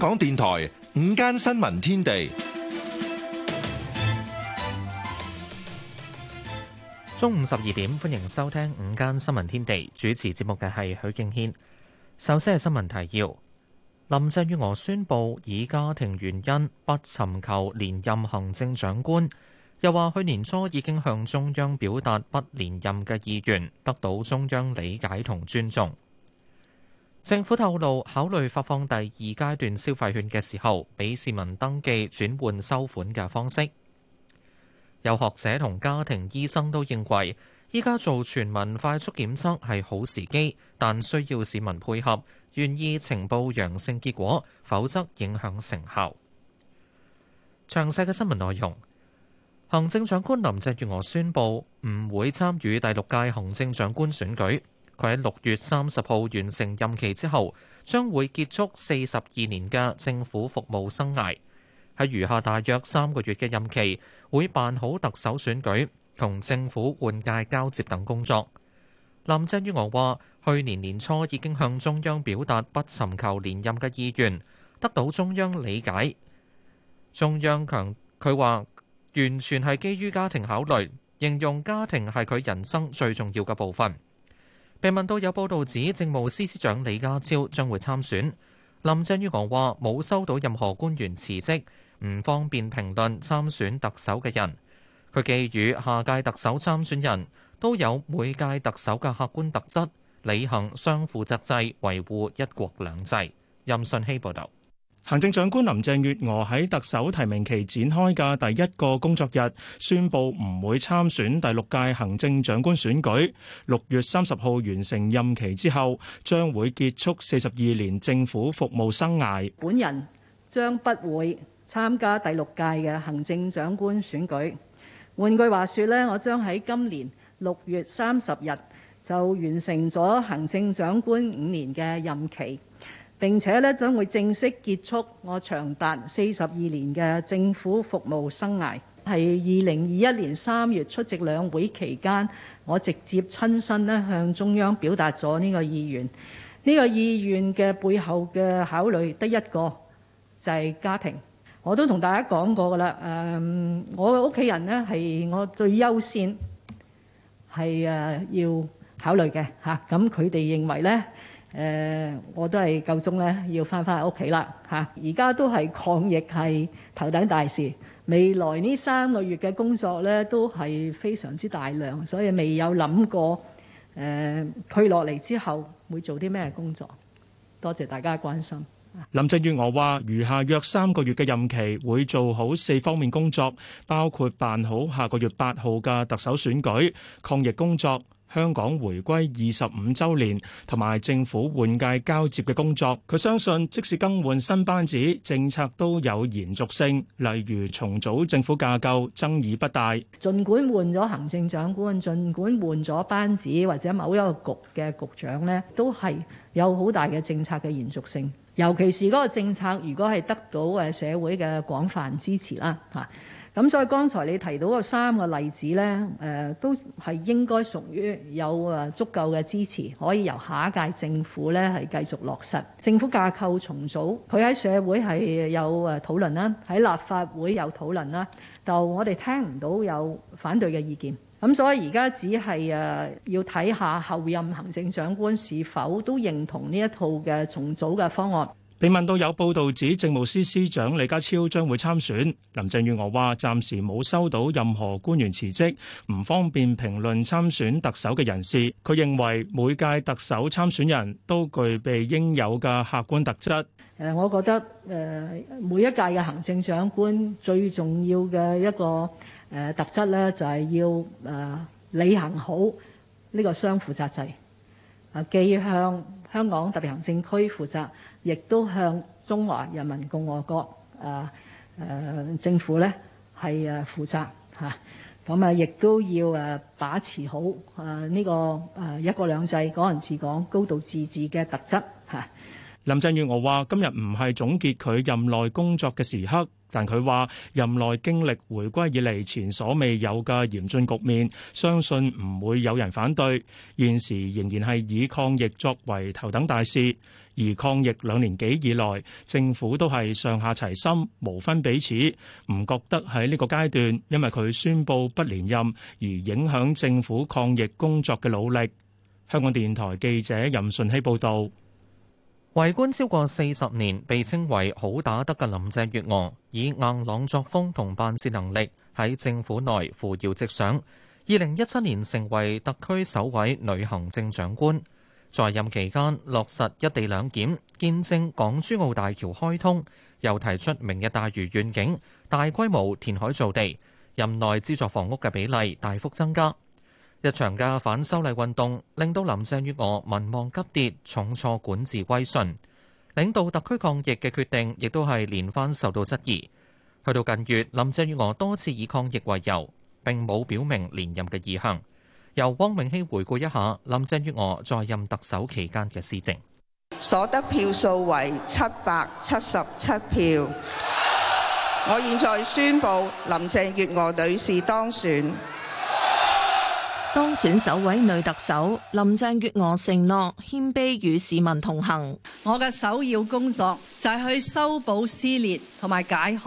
香港電台午間新聞天地，中午十二點，歡迎收聽午間新聞天地。主持節目嘅係許敬軒。首先係新聞提要：林鄭月娥宣布以家庭原因不尋求連任行政長官，又話去年初已經向中央表達不連任嘅意願，得到中央理解同尊重。政府透露考慮發放第二階段消費券嘅時候，俾市民登記轉換收款嘅方式。有學者同家庭醫生都認為，依家做全民快速檢測係好時機，但需要市民配合，願意呈報陽性結果，否則影響成效。詳細嘅新聞內容，行政長官林鄭月娥宣布唔會參與第六屆行政長官選舉。佢喺六月三十號完成任期之後，將會結束四十二年嘅政府服務生涯。喺餘下大約三個月嘅任期，會辦好特首選舉同政府換屆交接等工作。林鄭月娥話：去年年初已經向中央表達不尋求連任嘅意願，得到中央理解。中央強佢話，完全係基於家庭考慮，形容家庭係佢人生最重要嘅部分。被問到有報道指政務司司長李家超將會參選，林鄭月娥話冇收到任何官員辭職，唔方便評論參選特首嘅人。佢寄語下屆特首參選人都有每屆特首嘅客觀特質，履行雙負責制，維護一國兩制。任信希報導。行政長官林鄭月娥喺特首提名期展開嘅第一個工作日，宣布唔會參選第六屆行政長官選舉。六月三十號完成任期之後，將會結束四十二年政府服務生涯。本人將不會參加第六屆嘅行政長官選舉。換句話說呢，我將喺今年六月三十日就完成咗行政長官五年嘅任期。並且咧，將會正式結束我長達四十二年嘅政府服務生涯。係二零二一年三月出席兩會期間，我直接親身咧向中央表達咗呢個意願。呢個意願嘅背後嘅考慮，得一個就係家庭。我都同大家講過噶啦，誒，我嘅屋企人呢，係我最優先係誒要考慮嘅嚇。咁佢哋認為呢。呃，我都係夠鐘咧，要翻返屋企啦嚇！而家都係抗疫係頭等大事，未來呢三個月嘅工作咧都係非常之大量，所以未有諗過呃，退落嚟之後會做啲咩工作。多謝大家關心。林鄭月娥話：餘下約三個月嘅任期，會做好四方面工作，包括辦好下個月八號嘅特首選舉、抗疫工作。香港回歸二十五周年同埋政府換屆交接嘅工作，佢相信即使更換新班子，政策都有延續性。例如重組政府架構，爭議不大。儘管換咗行政長官，儘管換咗班子或者某一個局嘅局長呢，都係有好大嘅政策嘅延續性。尤其是嗰個政策，如果係得到誒社會嘅廣泛支持啦，吓。咁所以剛才你提到個三個例子咧，誒都係應該屬於有誒足夠嘅支持，可以由下一屆政府咧係繼續落實政府架構重組，佢喺社會係有誒討論啦，喺立法會有討論啦，就我哋聽唔到有反對嘅意見，咁所以而家只係誒要睇下候任行政長官是否都認同呢一套嘅重組嘅方案。被問到有報道指政務司司長李家超將會參選，林鄭月娥話：暫時冇收到任何官員辭職，唔方便評論參選特首嘅人士。佢認為每屆特首參選人都具備應有嘅客觀特質。誒，我覺得誒每一屆嘅行政長官最重要嘅一個誒特質咧，就係要誒履行好呢個雙負責制。誒，基向香港特別行政區負責，亦都向中華人民共和國誒誒、啊啊、政府咧係誒負責嚇，咁啊亦都要誒把持好誒呢、啊這個誒、啊、一國兩制港人治港高度自治嘅特質嚇、啊。林鄭月娥話：今日唔係總結佢任內工作嘅時刻。但佢話任內經歷回歸以嚟前所未有嘅嚴峻局面，相信唔會有人反對，現時仍然係以抗疫作為頭等大事，而抗疫兩年幾以來政府都係上下齊心，無分彼此，唔覺得喺呢個階段，因為佢宣布不連任而影響政府抗疫工作嘅努力。香港電台記者任順希報道。為官超過四十年，被稱為好打得嘅林鄭月娥，以硬朗作風同辦事能力喺政府內扶搖直上。二零一七年成為特區首位女行政長官，在任期間落實一地兩檢，見證港珠澳大橋開通，又提出明日大嶼願景，大規模填海造地，任內資助房屋嘅比例大幅增加。一場嘅反修例運動令到林鄭月娥民望急跌，重挫管治威信。領導特區抗疫嘅決定，亦都係連番受到質疑。去到近月，林鄭月娥多次以抗疫為由，並冇表明連任嘅意向。由汪明熙回顧一下林鄭月娥在任特首期間嘅施政。所得票數為七百七十七票。我現在宣布林鄭月娥女士當選。當選首位女特首林鄭月娥承諾謙卑與市民同行。我嘅首要工作就係、是、去修補撕裂同埋解開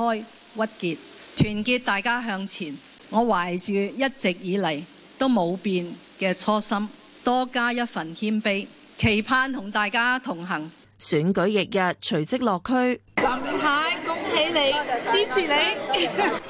鬱結，團結大家向前。我懷住一直以嚟，都冇變嘅初心，多加一份謙卑，期盼同大家同行。選舉翌日隨即落區，林太恭喜你，謝謝，支持你，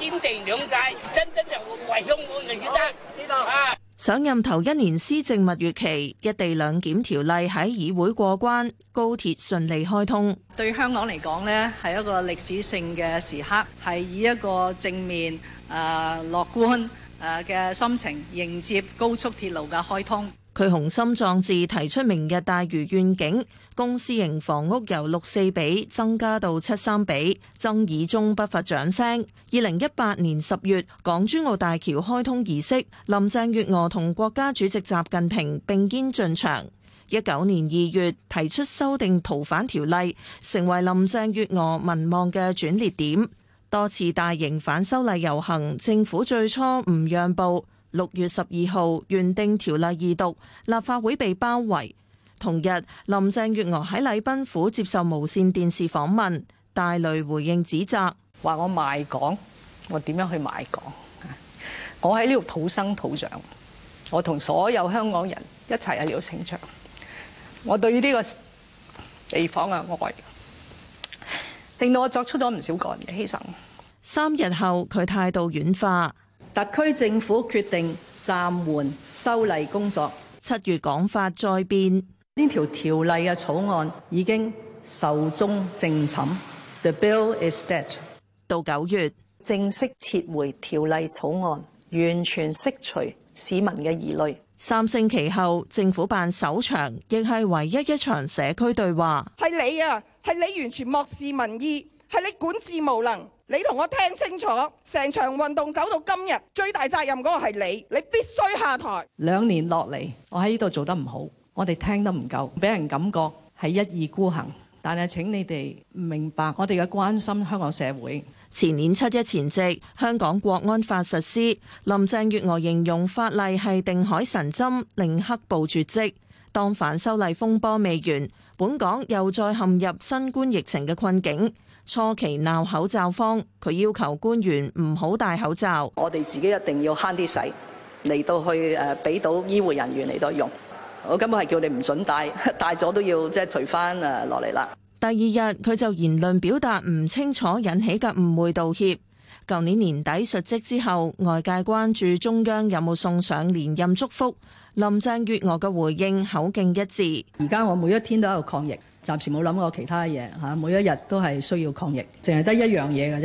堅 定兩制，真真正為香港嘅先得，知道啊！上任頭一年施政蜜月期，一地兩檢條例喺議會過關，高鐵順利開通。對香港嚟講呢係一個歷史性嘅時刻，係以一個正面誒樂觀誒嘅心情迎接高速鐵路嘅開通。佢雄心壯志提出明日大嶼願景。公司型房屋由六四比增加到七三比，爭議中不乏掌聲。二零一八年十月，港珠澳大橋開通儀式，林鄭月娥同國家主席習近平並肩進場。一九年二月，提出修訂逃犯條例，成為林鄭月娥民望嘅轉捩點。多次大型反修例遊行，政府最初唔讓步。六月十二號，原定條例二讀，立法會被包圍。同日，林鄭月娥喺禮賓府接受無綫電視訪問，大淚回應指責，話我賣港，我點樣去賣港？我喺呢度土生土長，我同所有香港人一齊係要成長。我對呢個地方嘅愛，令到我作出咗唔少個人嘅犧牲。三日後，佢態度軟化，特區政府決定暫緩修例工作。七月講法再變。呢條條例嘅草案已經壽終正寢。The bill is dead 到。到九月正式撤回條例草案，完全釋除市民嘅疑慮。三星期後，政府辦首場亦係唯一一場社區對話。係你啊！係你完全漠視民意，係你管治無能。你同我聽清楚，成場運動走到今日，最大責任嗰個係你，你必須下台。兩年落嚟，我喺呢度做得唔好，我哋聽得唔夠，俾人感覺係一意孤行。但係請你哋明白，我哋嘅關心香港社會。前年七一前夕，香港國安法實施，林鄭月娥形容法例係定海神針，令黑暴絕跡。當反修例風波未完，本港又再陷入新冠疫情嘅困境。初期鬧口罩荒，佢要求官員唔好戴口罩。我哋自己一定要慳啲使，嚟到去畀俾到醫護人員嚟到用。我根本係叫你唔准帶，帶咗都要即係除翻啊落嚟啦。第二日佢就言論表達唔清楚，引起嘅誤會道歉。舊年年底述職之後，外界關注中央有冇送上連任祝福，林鄭月娥嘅回應口徑一致。而家我每一天都喺度抗疫，暫時冇諗過其他嘢嚇。每一日都係需要抗疫，淨係得一樣嘢嘅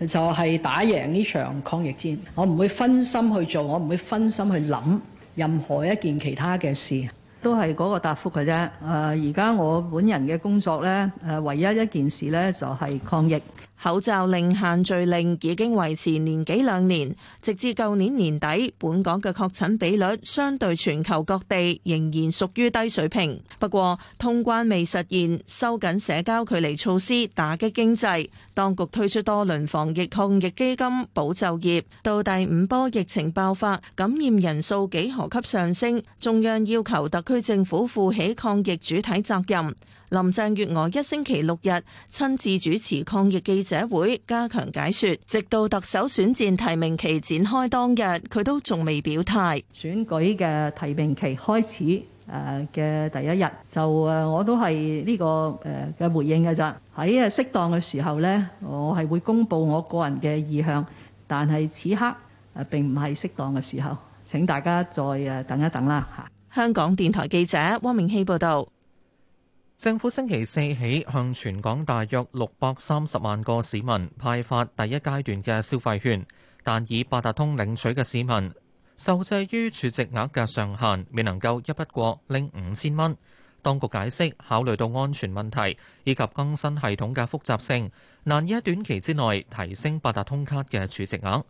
啫，就係打贏呢場抗疫戰。我唔會分心去做，我唔會分心去諗。任何一件其他嘅事，都係嗰個答覆嘅啫。呃，而家我本人嘅工作咧，呃，唯一一件事咧就係抗疫。口罩令、限聚令已經維持年幾兩年，直至舊年年底，本港嘅確診比率相對全球各地仍然屬於低水平。不過通關未實現，收緊社交距離措施，打擊經濟，當局推出多輪防疫抗疫基金保就業。到第五波疫情爆發，感染人數幾何級，上升，中央要求特區政府負起抗疫主體責任。林鄭月娥一星期六日親自主持抗疫記者會，加強解說，直到特首選戰提名期展開當日，佢都仲未表態。選舉嘅提名期開始誒嘅第一日，就誒我都係呢個誒嘅回應嘅咋喺誒適當嘅時候呢，我係會公布我個人嘅意向。但係此刻誒並唔係適當嘅時候，請大家再誒等一等啦吓。香港電台記者汪明熙報道。政府星期四起向全港大約六百三十萬個市民派發第一階段嘅消費券，但以八達通領取嘅市民受制於儲值額嘅上限，未能夠一筆過拎五千蚊。當局解釋，考慮到安全問題以及更新系統嘅複雜性，難以喺短期之內提升八達通卡嘅儲值額。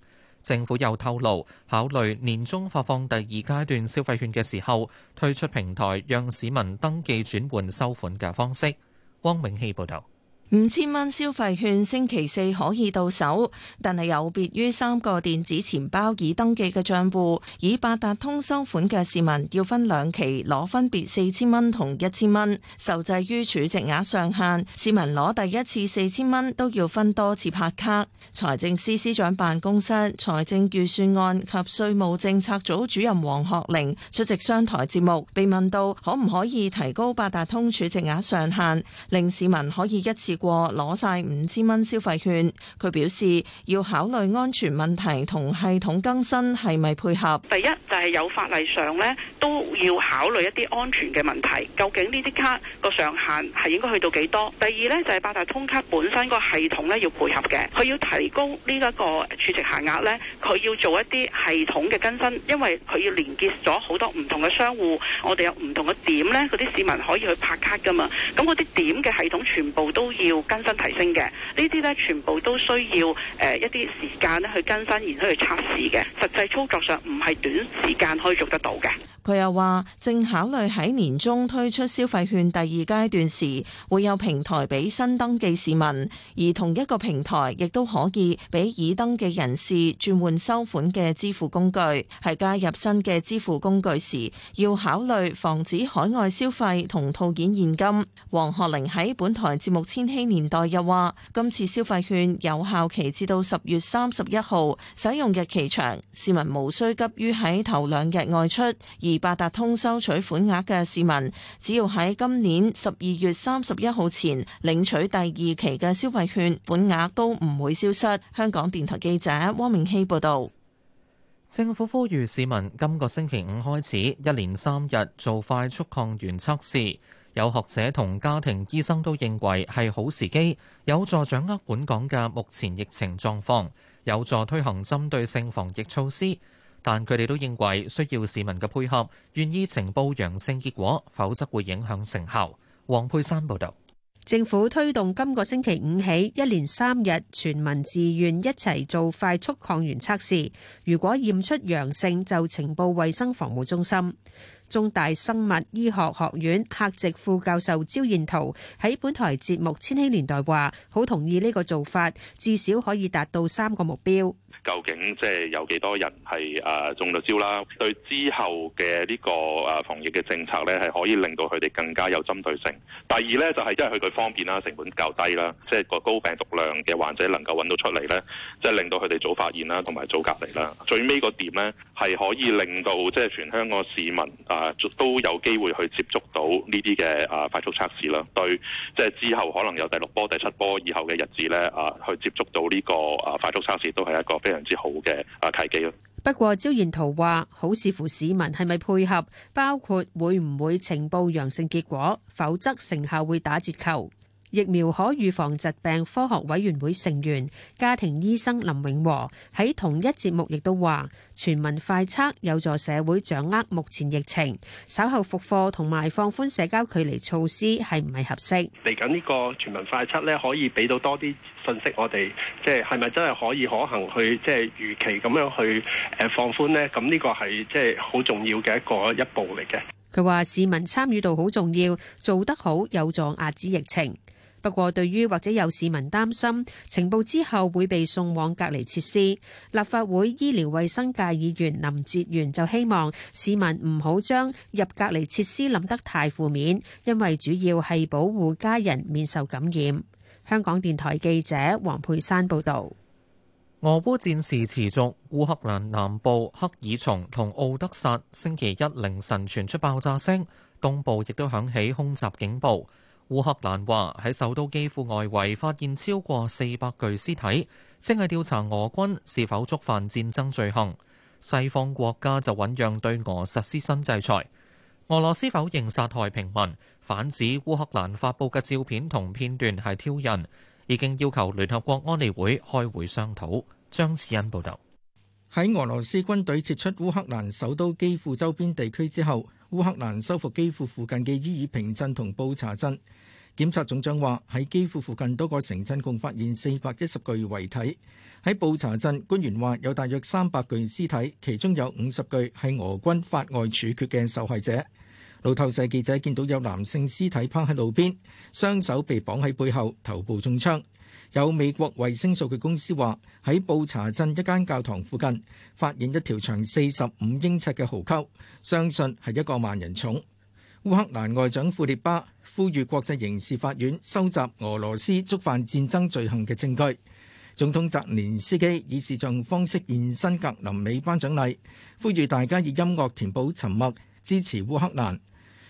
政府又透露，考慮年中發放第二階段消費券嘅時候，推出平台讓市民登記轉換收款嘅方式。汪永熙報道。五千蚊消費券星期四可以到手，但係有別於三個電子錢包已登記嘅賬戶。以八達通收款嘅市民要分兩期攞，分別四千蚊同一千蚊。受制於儲值額上限，市民攞第一次四千蚊都要分多次拍卡。財政司司長辦公室、財政預算案及稅務政策組主任黃學玲出席商台節目，被問到可唔可以提高八達通儲值額上限，令市民可以一次過攞晒五千蚊消費券，佢表示要考慮安全問題同系統更新係咪配合。第一就係、是、有法例上咧都要考慮一啲安全嘅問題，究竟呢啲卡個上限係應該去到幾多？第二咧就係、是、八達通卡本身個系統咧要配合嘅，佢要提高呢一個儲值限額咧，佢要做一啲系統嘅更新，因為佢要連接咗好多唔同嘅商戶，我哋有唔同嘅點咧，嗰啲市民可以去拍卡噶嘛，咁嗰啲點嘅系統全部都要。要更新提升嘅呢啲咧，全部都需要誒一啲時間咧去更新，然後去測試嘅。實際操作上唔係短時間可以做得到嘅。佢又話，正考慮喺年中推出消費券第二階段時，會有平台俾新登記市民，而同一個平台亦都可以俾已登記人士轉換收款嘅支付工具。係加入新嘅支付工具時，要考慮防止海外消費同套件現金。黃學玲喺本台節目千禧年代又話，今次消費券有效期至到十月三十一號，使用日期長，市民無需急於喺頭兩日外出。而八達通收取款額嘅市民，只要喺今年十二月三十一號前領取第二期嘅消費券，本額都唔會消失。香港電台記者汪明希報道。政府呼籲市民今個星期五開始一連三日做快速抗原測試。有學者同家庭醫生都認為係好時機，有助掌握本港嘅目前疫情狀況，有助推行針對性防疫措施。但佢哋都認為需要市民嘅配合，願意呈報陽性結果，否則會影響成效。黃佩珊報導，政府推動今個星期五起一連三日全民自願一齊做快速抗原測試，如果驗出陽性就呈報衛生防護中心。中大生物醫學學院客席副教授招彥燾喺本台節目《千禧年代》話好同意呢個做法，至少可以達到三個目標。究竟即係有幾多人係誒中咗招啦？對之後嘅呢個誒防疫嘅政策呢，係可以令到佢哋更加有針對性。第二呢，就係因為佢佢方便啦，成本較低啦，即係個高病毒量嘅患者能夠揾到出嚟呢，即係令到佢哋早發現啦，同埋早隔離啦。最尾個點呢，係可以令到即係全香港市民啊都有機會去接觸到呢啲嘅啊快速測試啦。對，即係之後可能有第六波、第七波以後嘅日子呢，啊，去接觸到呢個啊快速測試都係一個，非常之好嘅啊，契機咯。不過招賢圖話，好視乎市民係咪配合，包括會唔會呈報陽性結果，否則成效會打折扣。疫苗可預防疾病科學委員會成員、家庭醫生林永和喺同一節目亦都話，全民快測有助社會掌握目前疫情，稍後復課同埋放寬社交距離措施係唔係合適。嚟緊呢個全民快測呢，可以俾到多啲信息，我們，我哋即係係咪真係可以可行去，即係預期咁樣去誒放寬呢？咁呢個係即係好重要嘅一個一步嚟嘅。佢話市民參與度好重要，做得好有助遏止疫情。不過，對於或者有市民擔心，呈報之後會被送往隔離設施，立法會醫療衛生界議員林哲元就希望市民唔好將入隔離設施諗得太負面，因為主要係保護家人免受感染。香港電台記者黃佩珊報導。俄烏戰事持續，烏克蘭南部克爾松同敖德薩星期一凌晨傳出爆炸聲，東部亦都響起空襲警報。烏克蘭話喺首都基輔外圍發現超過四百具屍體，正係調查俄軍是否觸犯戰爭罪行。西方國家就醞釀對俄實施新制裁。俄羅斯否認殺害平民，反指烏克蘭發布嘅照片同片段係挑釁，已經要求聯合國安理會開會商討。張子恩報道。喺俄羅斯軍隊撤出烏克蘭首都基輔周邊地區之後，烏克蘭收復基輔附近嘅伊爾平鎮同布查鎮。檢察總長話喺基輔附近多個城鎮共發現四百一十具遺體。喺布查鎮，官員話有大約三百具屍體，其中有五十具係俄軍法外處決嘅受害者。路透社記者見到有男性屍體趴喺路邊，雙手被綁喺背後，頭部中槍。有美國衛星數據公司話喺布查鎮一間教堂附近發現一條長四十五英尺嘅壕溝，相信係一個萬人冢。烏克蘭外長庫列巴呼籲國際刑事法院收集俄羅斯觸犯戰爭罪行嘅證據。總統澤連斯基以視像方式現身格林美頒獎禮，呼籲大家以音樂填補沉默，支持烏克蘭。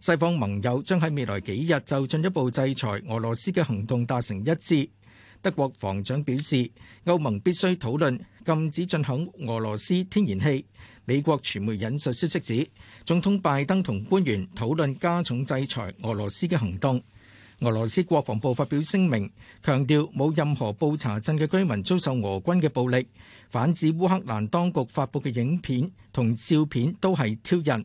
西方盟友將喺未來幾日就進一步制裁俄羅斯嘅行動達成一致。德國防長表示，歐盟必須討論禁止進口俄羅斯天然氣。美國傳媒引述消息指，總統拜登同官員討論加重制裁俄羅斯嘅行動。俄羅斯國防部發表聲明，強調冇任何布查鎮嘅居民遭受俄軍嘅暴力，反指烏克蘭當局發布嘅影片同照片都係挑釁。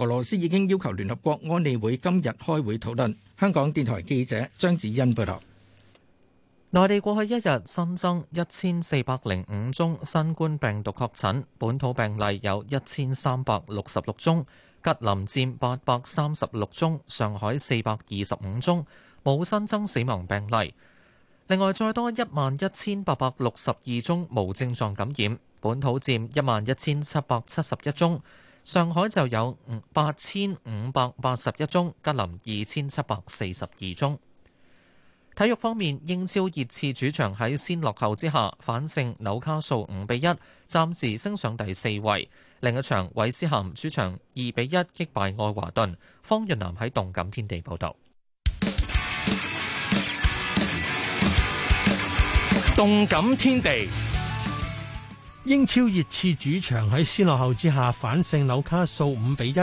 俄羅斯已經要求聯合國安理會今日開會討論。香港電台記者張子欣報道，內地過去一日新增一千四百零五宗新冠病毒確診，本土病例有一千三百六十六宗，吉林佔八百三十六宗，上海四百二十五宗，冇新增死亡病例。另外，再多一萬一千八百六十二宗無症狀感染，本土佔一萬一千七百七十一宗。上海就有八千五百八十一宗，吉林二千七百四十二宗。體育方面，英超熱刺主場喺先落後之下反勝紐卡素五比一，暫時升上第四位。另一場韋斯咸主場二比一擊敗愛華頓。方潤南喺動感天地報道。動感天地。報導動感天地英超熱刺主場喺先落後之下反勝紐卡素五比一。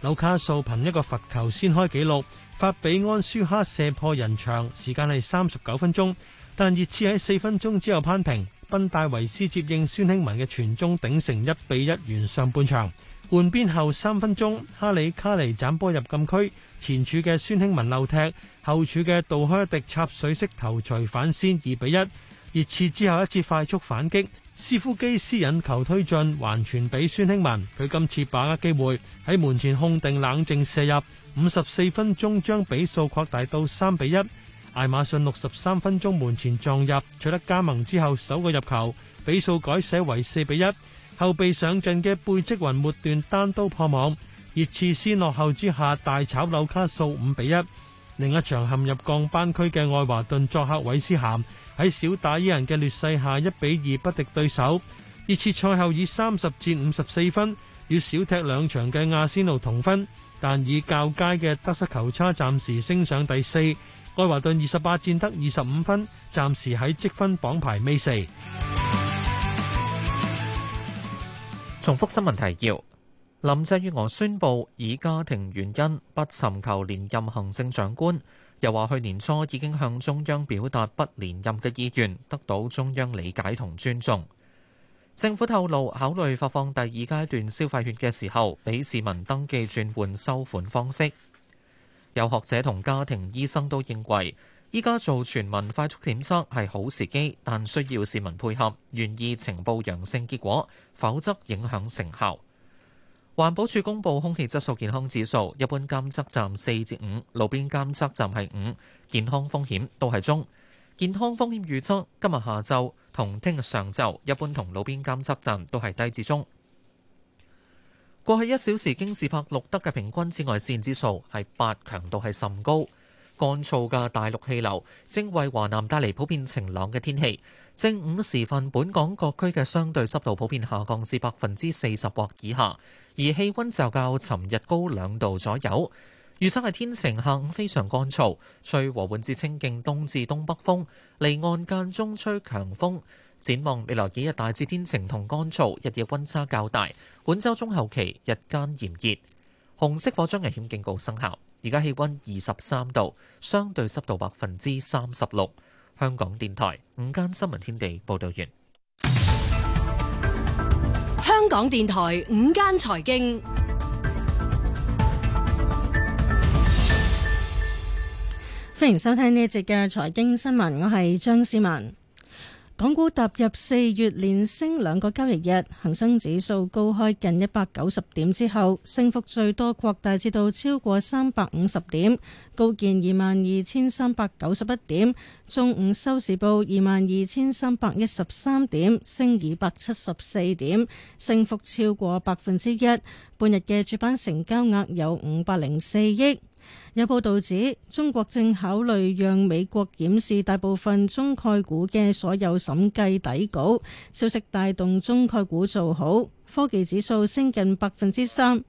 紐卡素憑一個罰球先開紀錄，法比安舒克射破人牆，時間係三十九分鐘。但熱刺喺四分鐘之後攀平，賓戴維斯接應孫興文嘅傳中頂成一比一完上半場。換邊後三分鐘，哈里卡尼斬波入禁區，前處嘅孫興文漏踢，後處嘅杜克迪插水式頭錘反先二比一。熱刺之後一次快速反擊。斯夫基斯引球推進，還傳俾孫興文。佢今次把握機會喺門前控定冷靜射入，五十四分鐘將比數擴大到三比一。艾馬遜六十三分鐘門前撞入，取得加盟之後首個入球，比數改寫為四比一。後備上陣嘅背積雲末段單刀破網，熱刺先落後之下大炒紐卡素，五比一。另一場陷入降班區嘅愛華頓作客韋斯咸。喺少打一人嘅劣勢下，一比二不敵對手。熱刺賽後以三十戰五十四分，與小踢兩場嘅阿仙奴同分，但以較佳嘅得失球差，暫時升上第四。愛華頓二十八戰得二十五分，暫時喺積分榜排尾四。重複新聞提要：林鄭月娥宣布以家庭原因不尋求連任行政長官。又話去年初已經向中央表達不連任嘅意願，得到中央理解同尊重。政府透露考慮發放第二階段消費券嘅時候，俾市民登記轉換收款方式。有學者同家庭醫生都認為，依家做全民快速檢測係好時機，但需要市民配合，願意呈報陽性結果，否則影響成效。環保署公布空氣質素健康指數，一般監測站四至五，路邊監測站係五，健康風險都係中。健康風險預測今日下晝同聽日上晝，一般同路邊監測站都係低至中。過去一小時京士柏錄得嘅平均紫外線指數係八，強度係甚高。乾燥嘅大陸氣流正為華南帶嚟普遍晴朗嘅天氣。正午時分，本港各區嘅相對濕度普遍下降至百分之四十或以下。而氣溫就較尋日高兩度左右。預測係天晴，下午非常乾燥，吹和緩至清勁，東至東北風，離岸間中吹強風。展望未來幾日大致天晴同乾燥，日夜溫差較大。本周中後期日間炎熱，紅色火災危險警告生效。而家氣溫二十三度，相對濕度百分之三十六。香港電台午間新聞天地報員，報道完。香港電台午間財經，歡迎收聽呢節嘅財經新聞，我係張思文。港股踏入四月連升兩個交易日，恒生指數高開近一百九十點之後，升幅最多擴大至到超過三百五十點，高見二萬二千三百九十一點。中午收市報二萬二千三百一十三點，升二百七十四點，升幅超過百分之一。半日嘅主板成交額有五百零四億。有報道指，中國正考慮讓美國檢視大部分中概股嘅所有審計底稿。消息帶動中概股做好，科技指數升近百分之三。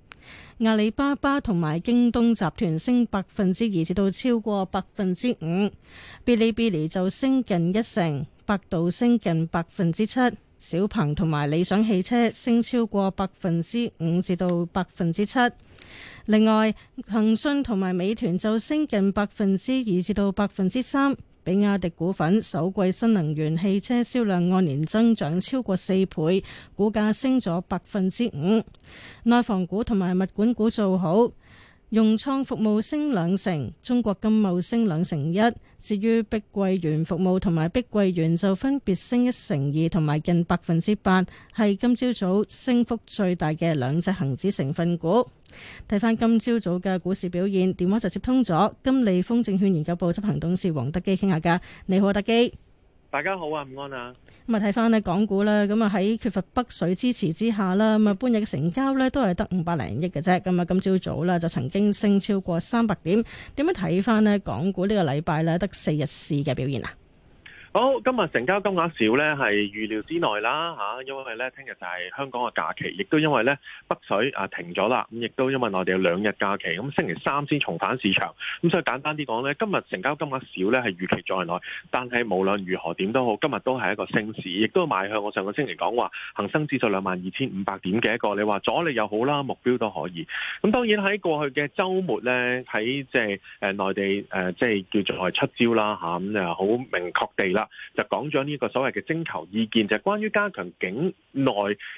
阿里巴巴同埋京東集團升百分之二至到超過百分之五，Bilibili 就升近一成，百度升近百分之七，小鵬同埋理想汽車升超過百分之五至到百分之七。另外，騰訊同埋美團就升近百分之二至到百分之三，比亞迪股份首季新能源汽車銷量按年增長超過四倍，股價升咗百分之五。內房股同埋物管股做好。融創服務升兩成，中國金茂升兩成一。至於碧桂園服務同埋碧桂園就分別升一成二同埋近百分之八，係今朝早升幅最大嘅兩隻恒指成分股。睇翻今朝早嘅股市表現，電話就接通咗金利豐證券研究部執行董事黃德基傾下噶，你好，德基。大家好啊，午安啊！咁啊，睇翻呢港股啦，咁啊喺缺乏北水支持之下啦，咁啊，半日嘅成交呢都係得五百零億嘅啫。咁啊，今朝早呢，就曾經升超過三百點。點樣睇翻呢港股呢個禮拜呢，得四日市嘅表現啊？好，今日成交金額少呢，係預料之內啦、啊，因為呢，聽日就係香港嘅假期，亦都因為呢北水啊停咗啦，咁亦都因為內地有兩日假期，咁、嗯、星期三先重返市場。咁、嗯、所以簡單啲講呢，今日成交金額少呢，係預期在內，但係無論如何點都好，今日都係一個升市，亦都邁向我上個星期講話恒生指數兩萬二千五百點嘅一個，你話阻力又好啦，目標都可以。咁、嗯、當然喺過去嘅週末呢，喺即係內內地誒即係叫做出招啦，咁、啊、好、嗯、明確地啦。就講咗呢個所謂嘅徵求意見，就係、是、關於加強境內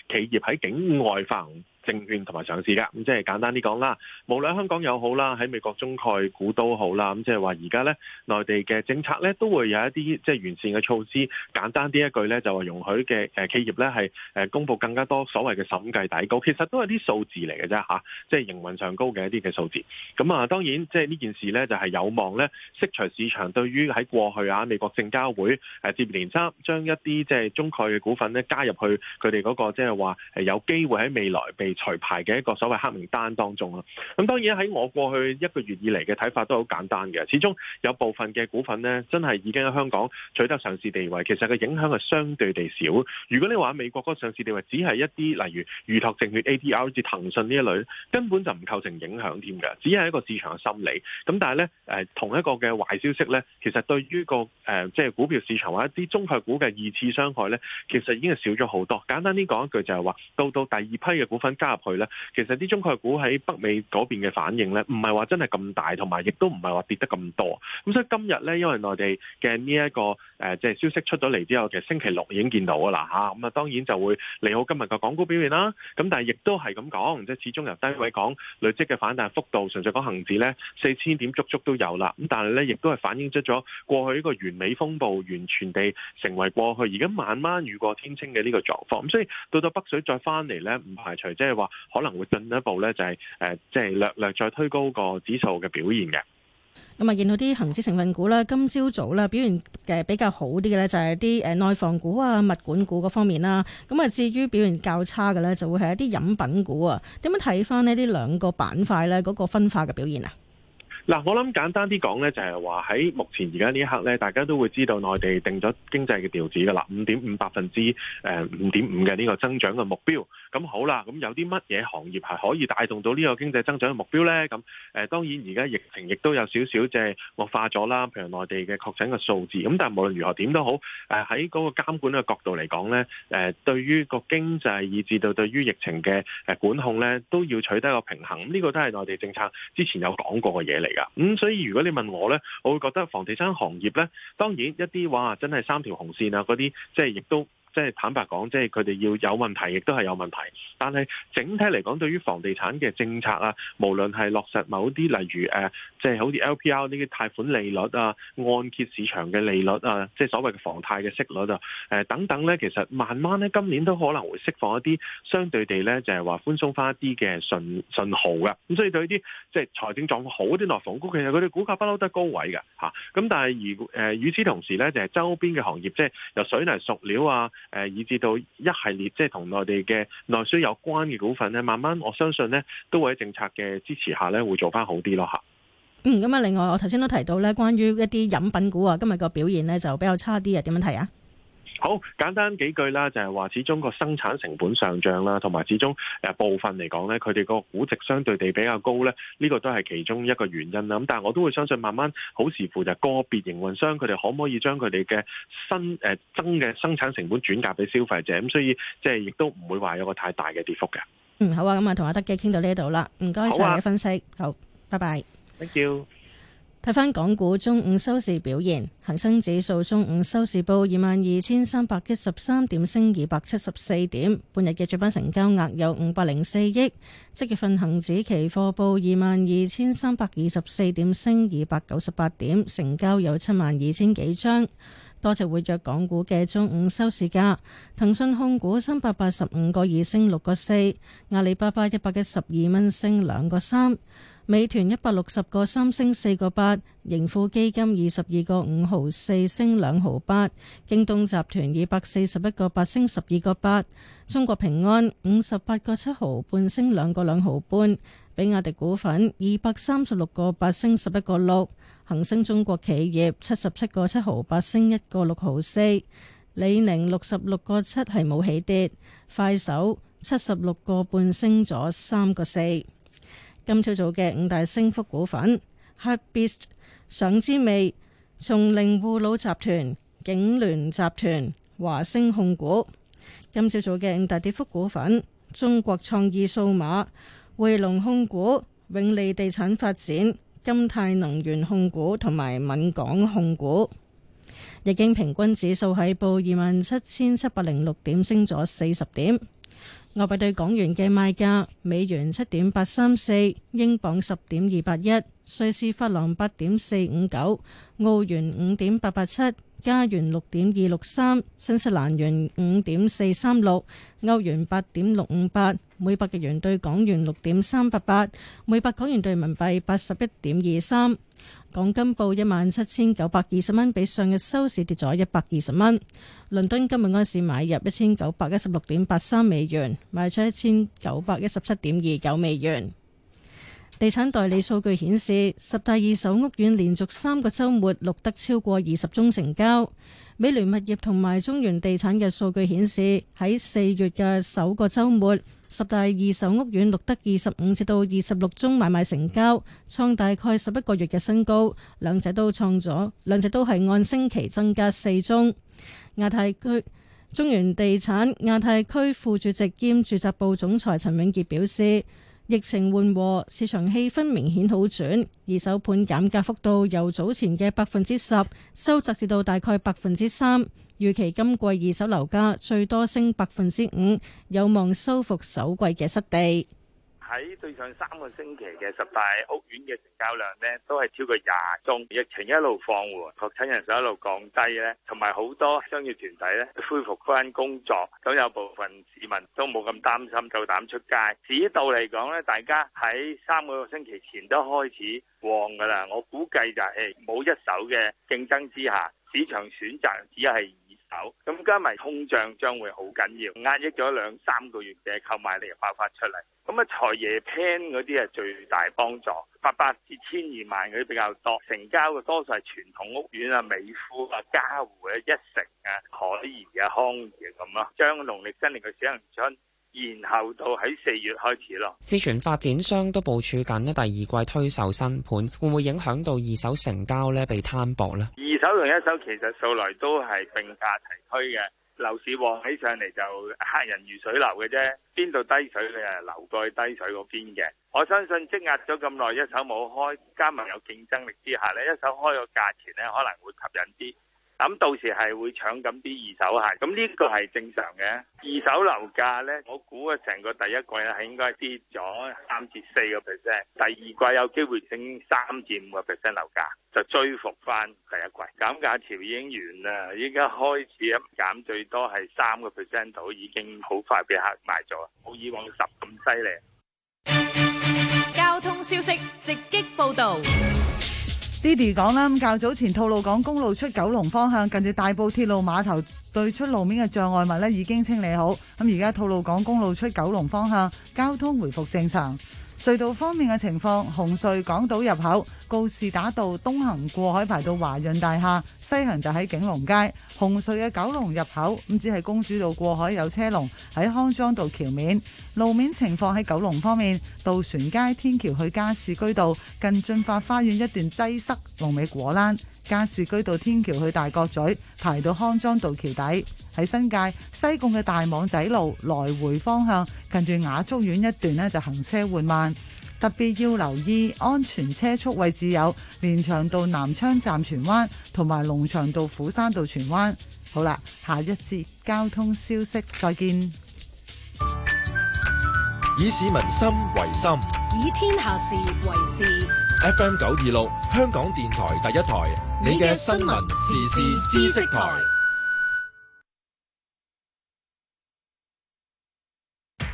企業喺境外發行證券同埋上市㗎，咁即係簡單啲講啦。無論香港又好啦，喺美國中概股都好啦，咁即係話而家咧，內地嘅政策咧都會有一啲即係完善嘅措施。簡單啲一句咧，就話容許嘅誒企業咧係誒公佈更加多所謂嘅審計底稿，其實都係啲數字嚟嘅啫嚇，即係營運上高嘅一啲嘅數字。咁啊，當然即係呢件事咧就係有望咧釋除市場對於喺過去啊美國證交會誒接連三將一啲即係中概嘅股份咧加入去佢哋嗰個即係話係有機會喺未來被除牌嘅一個所謂黑名單當中咯，咁當然喺我過去一個月以嚟嘅睇法都好簡單嘅，始終有部分嘅股份呢，真係已經喺香港取得上市地位，其實個影響係相對地少。如果你話美國嗰個上市地位只，只係一啲例如預託證券 ADR，好似騰訊呢一類，根本就唔構成影響添㗎，只係一個市場嘅心理。咁但係呢，同一個嘅壞消息呢，其實對於個即係、呃即係、股票市場或者一啲中概股嘅二次傷害呢，其實已經係少咗好多。簡單啲講一句就係話，到到第二批嘅股份入去咧，其實啲中概股喺北美嗰邊嘅反應咧，唔係話真係咁大，同埋亦都唔係話跌得咁多。咁所以今日咧，因為內地嘅呢一個誒，即係消息出咗嚟之後，其實星期六已經見到噶啦嚇。咁啊，當然就會利好今日嘅港股表現啦。咁但係亦都係咁講，即係始終由低位講累積嘅反彈幅度，純粹講恆指咧四千點足足都有啦。咁但係咧，亦都係反映出咗過去呢個完美風暴，完全地成為過去，而家慢慢雨過天青嘅呢個狀況。咁所以到到北水再翻嚟咧，唔排除即即係話可能會進一步咧，就係誒，即係略略再推高個指數嘅表現嘅。咁啊，見到啲恒指成分股咧，今朝早咧表現誒比較好啲嘅咧，就係啲誒內房股啊、物管股嗰方面啦。咁啊，至於表現較差嘅咧，就會係一啲飲品股啊。點樣睇翻呢啲兩個板塊咧嗰個分化嘅表現啊？嗱，我諗簡單啲講呢，就係話喺目前而家呢一刻呢，大家都會知道內地定咗經濟嘅調子噶啦，五點五百分之誒五點五嘅呢個增長嘅目標。咁好啦，咁有啲乜嘢行業係可以帶動到呢個經濟增長嘅目標呢？咁誒，當然而家疫情亦都有少少即係惡化咗啦，譬如內地嘅確診嘅數字。咁但係無論如何點都好，誒喺嗰個監管嘅角度嚟講呢，誒對於個經濟，以至到對於疫情嘅誒管控呢，都要取得一個平衡。呢個都係內地政策之前有講過嘅嘢嚟。咁、嗯、所以如果你問我呢，我會覺得房地產行業呢，當然一啲話真係三條紅線啊，嗰啲即係亦都。即係坦白講，即係佢哋要有問題，亦都係有問題。但係整體嚟講，對於房地產嘅政策啊，無論係落實某啲，例如誒，即係好似 LPR 呢啲貸款利率啊、按揭市場嘅利率啊，即係所謂嘅房貸嘅息率啊，誒等等咧，其實慢慢咧今年都可能會釋放一啲相對地咧，就係話寬鬆翻一啲嘅信信號嘅。咁所以對呢啲即係財政狀況好啲內房股，其實佢哋股價不嬲得高位嘅嚇。咁但係而誒，與此同時咧，就係周邊嘅行業，即係由水泥、塑料啊。誒，以至到一系列即係同內地嘅內需有關嘅股份咧，慢慢我相信咧都會喺政策嘅支持下咧，會做翻好啲咯吓。嗯，咁啊，另外我頭先都提到咧，關於一啲飲品股啊，今日個表現咧就比較差啲啊，點樣睇啊？好簡單幾句啦，就係話始終個生產成本上漲啦，同埋始終誒部分嚟講咧，佢哋個估值相對地比較高咧，呢個都係其中一個原因啦。咁但係我都會相信慢慢好視乎就個別營運商佢哋可唔可以將佢哋嘅新誒增嘅生產成本轉嫁俾消費者，咁所以即係亦都唔會話有個太大嘅跌幅嘅。嗯，好啊，咁啊，同阿德基傾到呢度啦，唔該晒嘅分析，好啊，好，拜拜，Thank you 睇返港股中午收市表現，恒生指數中午收市報二萬二千三百一十三點，升二百七十四點。半日嘅主板成交額有五百零四億。即月份恒指期貨報二萬二千三百二十四點，升二百九十八點，成交有七萬二千幾張。多隻活躍港股嘅中午收市價，騰訊控股三百八十五個二升六個四，阿里巴巴一百一十二蚊升兩個三。美團一百六十個三升四個八，盈富基金二十二個五毫四升兩毫八，京東集團二百四十一個八升十二個八，中國平安五十八個七毫半升兩個兩毫半，比亞迪股份二百三十六個八升十一個六，恒生中國企業七十七個七毫八升一個六毫四，李寧六十六個七係冇起跌，快手七十六個半升咗三個四。今朝早嘅五大升幅股份：黑必、上之味、松陵護老集團、景聯集團、華昇控股。今朝早嘅五大跌幅股份：中國創意數碼、匯龍控股、永利地產發展、金泰能源控股同埋敏港控股。日經平均指數喺報二萬七千七百零六點，升咗四十點。外幣兌港元嘅賣價：美元七點八三四，英鎊十點二八一，瑞士法郎八點四五九，澳元五點八八七，加元六點二六三，新西蘭元五點四三六，歐元八點六五八，每百日元兌港元六點三八八，每百港元兌人民幣八十一點二三。港金報一萬七千九百二十蚊，比上日收市跌咗一百二十蚊。倫敦今日開市買入一千九百一十六點八三美元，賣出一千九百一十七點二九美元。地產代理數據顯示，十大二手屋苑連續三個周末錄得超過二十宗成交。美聯物業同埋中原地產嘅數據顯示，喺四月嘅首個周末。十大二手屋苑錄得二十五至到二十六宗買賣成交，創大概十一個月嘅新高，兩者都創咗，兩者都係按星期增加四宗。亞太區中原地產亞太區副主席兼住宅部總裁陳永傑表示，疫情緩和，市場氣氛明顯好轉，二手盤減價幅度由早前嘅百分之十收窄至到大概百分之三。預期今季二手樓價最多升百分之五，有望收復首季嘅失地。喺對上三個星期嘅十大屋苑嘅成交量呢，都係超過廿宗。疫情一路放緩，確診人數一路降低呢，同埋好多商業團體呢，恢復返工作，咁有部分市民都冇咁擔心，夠膽出街。指導嚟講呢，大家喺三個星期前都開始旺噶啦。我估計就係、是、冇一手嘅競爭之下，市場選擇只係。咁加埋通脹將會好緊要，壓抑咗兩三個月嘅購買力又爆發出嚟。咁啊，財爺 plan 嗰啲係最大幫助，八百至千二萬嗰啲比較多，成交嘅多數係傳統屋苑啊、美孚啊、嘉湖啊、一城啊、海怡啊、康怡咁啊，將農曆新年嘅小人春。然後到喺四月開始咯。之前發展商都部署緊第二季推售新盤，會唔會影響到二手成交呢？被攤薄呢？二手同一手其實素來都係並駕齊驅嘅，樓市旺起上嚟就客人如水流嘅啫。邊度低水佢流過去低水嗰邊嘅。我相信積壓咗咁耐，一手冇開，加埋有競爭力之下呢，一手開個價錢呢，可能會吸引啲。咁到時係會搶緊啲二手鞋，咁呢個係正常嘅。二手樓價呢，我估啊成個第一季係應該跌咗三至四個 percent，第二季有機會升三至五個 percent 樓價，就追復翻。第一季減價潮已經完啦，依家開始減，最多係三個 percent 到，已經好快俾客買咗，冇以往十咁犀利。交通消息直擊報道。Diddy 講啦，咁較早前吐露港公路出九龍方向，近住大埔鐵路碼頭對出路面嘅障礙物已經清理好。現而家吐露港公路出九龍方向，交通回復正常。隧道方面嘅情況，紅隧港島入口告士打道東行過海排到華潤大廈，西行就喺景隆街；紅隧嘅九龍入口咁只係公主道過海有車龍，喺康莊道橋面。路面情況喺九龍方面，渡船街天橋去加士居道近駿發花園一段擠塞龍，龍尾果欄。加士居道天橋去大角咀，排到康莊道橋底；喺新界西貢嘅大網仔路來回方向，近住雅竹苑一段呢，就行車緩慢，特別要留意安全車速位置有連翔道南昌站荃灣同埋龍翔道虎山道荃灣。好啦，下一節交通消息再見。以市民心為心，以天下事為事。FM 九二六，香港電台第一台，你嘅新聞時事知識台。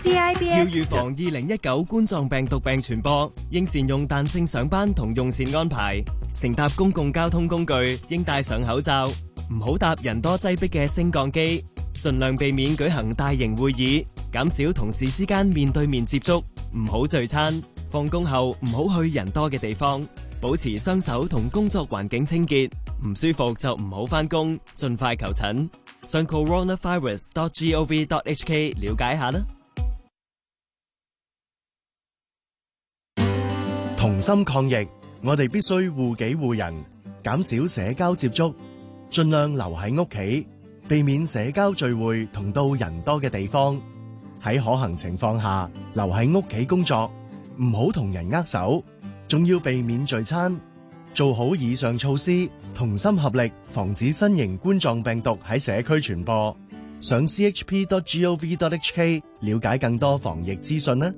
CIBS，要預防二零一九冠狀病毒病傳播，應善用彈性上班同用膳安排。乘搭公共交通工具，應戴上口罩，唔好搭人多擠迫嘅升降機。盡量避免舉行大型會議，減少同事之間面對面接觸，唔好聚餐。放工後唔好去人多嘅地方，保持雙手同工作環境清潔。唔舒服就唔好返工，盡快求診。上 coronavirus.gov.hk 了解下啦。同心抗疫，我哋必須護己護人，減少社交接觸，盡量留喺屋企，避免社交聚會同到人多嘅地方。喺可行情況下，留喺屋企工作。唔好同人握手，仲要避免聚餐，做好以上措施，同心合力防止新型冠狀病毒喺社區傳播。上 chp.gov.hk 了解更多防疫資訊啦。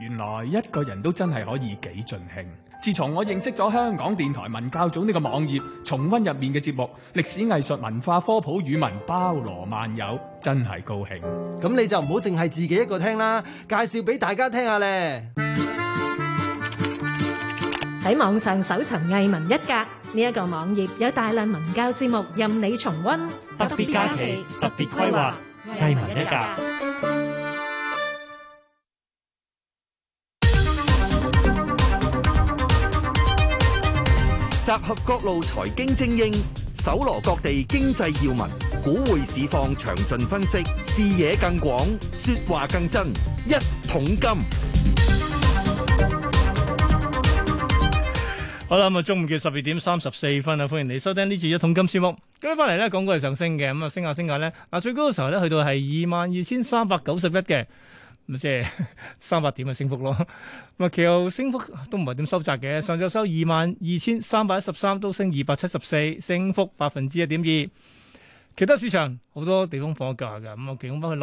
原來一個人都真係可以幾盡興。自從我認識咗香港電台文教組呢個網頁重温入面嘅節目，歷史、藝術、文化、科普、語文，包羅萬有，真係高興。咁你就唔好淨係自己一個聽啦，介紹俾大家聽下咧。喺網上搜尋藝文一格呢一、這個網頁，有大量文教節目任你重溫，特別假期、特別規劃，藝文一格。集合各路財經精英，搜羅各地經濟要聞，股匯市況詳盡分析，視野更廣，說話更真。一桶金，好啦咁啊，中午嘅十二點三十四分啊，歡迎你收聽呢次一桶金節目。今日翻嚟咧，港股係上升嘅，咁啊升下升下咧，啊最高嘅時候咧，去到係二萬二千三百九十一嘅。咁即係三百點嘅升幅咯。咁啊，其後升幅都唔係點收窄嘅，上晝收二萬二千三百一十三，都升二百七十四，升幅百分之一點二。其他市場好多地方放假嘅，咁啊，期空幫佢